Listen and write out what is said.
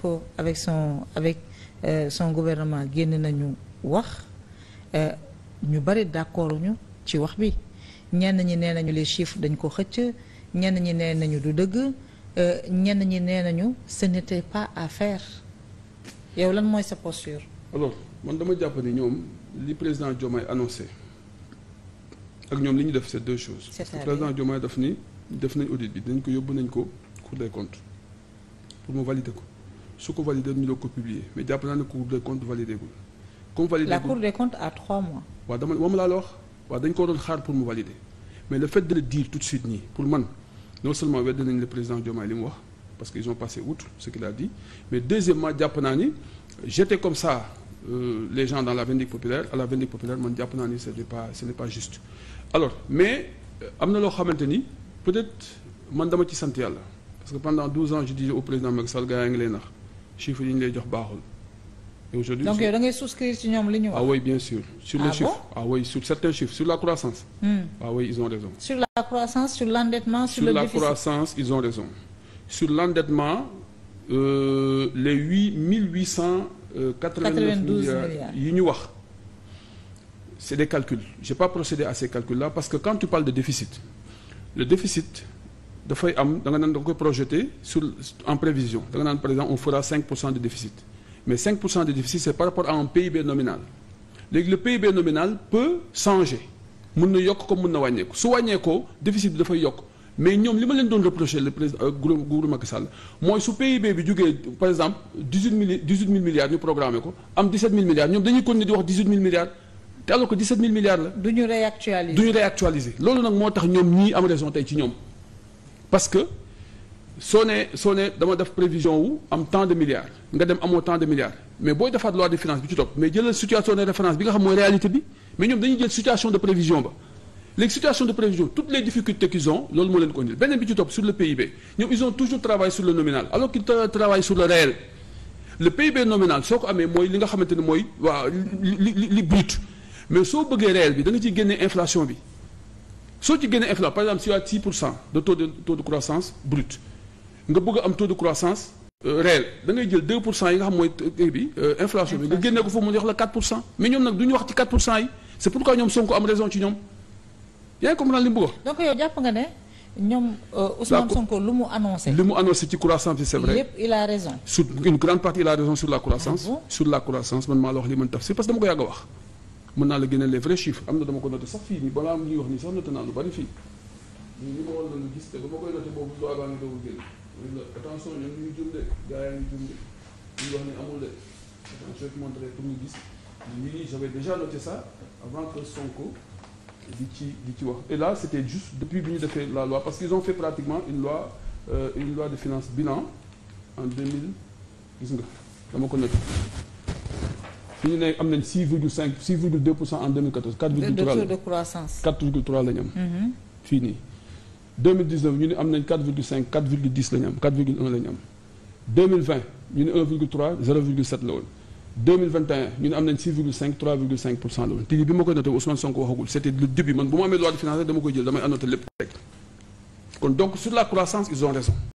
ko avec son avec euh, son gouvernement génn nañu wax euh, ñu bëri d'accord ñu ci wax bi ñenn ñi nee nañu les chiffres dañ ko xëcc ñenn ñi nee nañu du dëgg euh, ñenn ñi nee nañu ce n'était pas à fair yow lan mooy sa posture. alors man dama jàpp ni ñoom li président Diomaye annoncé ak ñoom li ñu def c'est deux choses. c'est-à-dire parce que président Diomaye daf ni def nañ audit bi dañ ko yóbbu nañ ko Cour des comptes pour mu valider ko. su ko validé ñu doog ko publier mais jàpp naa ne des comptes validé gul. comme validé la cour des comptes à trois mois. waaw dama moom laa la wax waaw dañ doon xaar pour mu valider mais le fait de le dire tout de suite nii pour man non seulement wedd nañ le président Diomaye li mu wax parce que ils ont passé outre ce qu'il a dit mais deuxièmement jàpp naa ni jeter comme ça euh, les gens dans la vindicte populaire à la vindicte populaire man jàpp naa ni ce mais euh, na loo xamante ni peut-être man dama ci sant yàlla ngi lay nax chiffres yi ñu lay jox baaxul. et aujourd'hui donc yow da ngay souscrire ci ñoom li ñu wax. ah oui bien sûr. sur ah les chiffres ah sur certains chiffres sur la croissance. Hmm. Ah sur la croissance sur l'endettement sur, le déficit sur la croissance ils ont raison. sur l'endettement euh, les cent. quatre-vingt-douze milliards yi ñu wax. c'est des calculs j'ai pas procédé à ces calculs-là parce que quand tu parles de déficit le déficit. dafay am da nga naan da nga koy projeté sur en prévision da nga naan par exemple on fera 5 pour cent de déficit mais de déficit c'est par rapport à un PIB nominal léegi le PIB nominal peut changer mun na yokk comme mun na wàññeeku su wàññeekoo déficit bi dafay yokk mais ñoom li ma leen doon reproché le président euh, gouvernement Macky Sall mooy su PIB bi jógee par exemple 18 mille milliards ñu programmé ko am 17 mille milliards ñoom dañuy continuer di wax 18 mille milliards te alors loolu nag moo tax ñoom ñii ñoom. parce que soo nee soo nee dama def prévision wu am tant de milliards nga dem amoo tant de milliards mais booy defaat loi de finance bi ci topp mais jëlal situation de référence bi nga xam mooy réalité bi mais ñoom dañuy jël situation de prévision ba léegi situation de prévision toutes les difficultés qu'ils ont loolu moo leen ko indil beneen bi ci topp sur le PIB ñoom ils toujours travaillé sur le nominal alors qu'ils travaillent sur le réel le PIB nominal amee mooy li nga xamante ne mooy waaw li li mais soo bëggee réel bi da nga ciy génnee bi soo ci génnee inflation par exemple si waat 6 pour cent de taux de taux de croissance brut nga bëgg am taux de croissance euh, réel da jël yi nga xam mooy kii bi euh, bi nga génnee ko foofu mu jox la 4 pour cent mais ñoom nag du ñu wax ci 4 pour cent yi c' pourquoi ñoom Sonko am raison ci ñoom yaa ngi comprendre li mu bëgg wax. donc yow jàpp nga ne ñoom euh, Ousmane Sonko lu mu annoncé. li mu annoncé ci croissance bi c' est vrai lépp raison. mën naa la génne les vrais am na dama ko noté sax fii nii balaa ñuy wax nii sax noté naa lu bari fii ñun li ma gis te ba koy noté boobu loi baa ngi doog a génn léegi nag attention wax ne amul gis ñu ngi j'avais déjà noté ça avant que ci di ci wax et là c'était juste bi ñu defee la loi parce qu'ils ont fait pratiquement une loi euh, une en 2000 gis nga dama ko noté fi mm-hmm. ñu ne am nañ 6 virgule 5 6 virgule 2 pour am. fii ñu ne am nañ 4 virgule 5 4 virgule 10 la am 4 virgule 1 la am. ñu ne am nañ 6 virgule 5 la woon te bi ma koy noté Ousmane Sonko waxagul c' était le man bu ma amee loi de finance dama koy jël damay annoté lépp rek kon donc sur la croissance ils ont raison.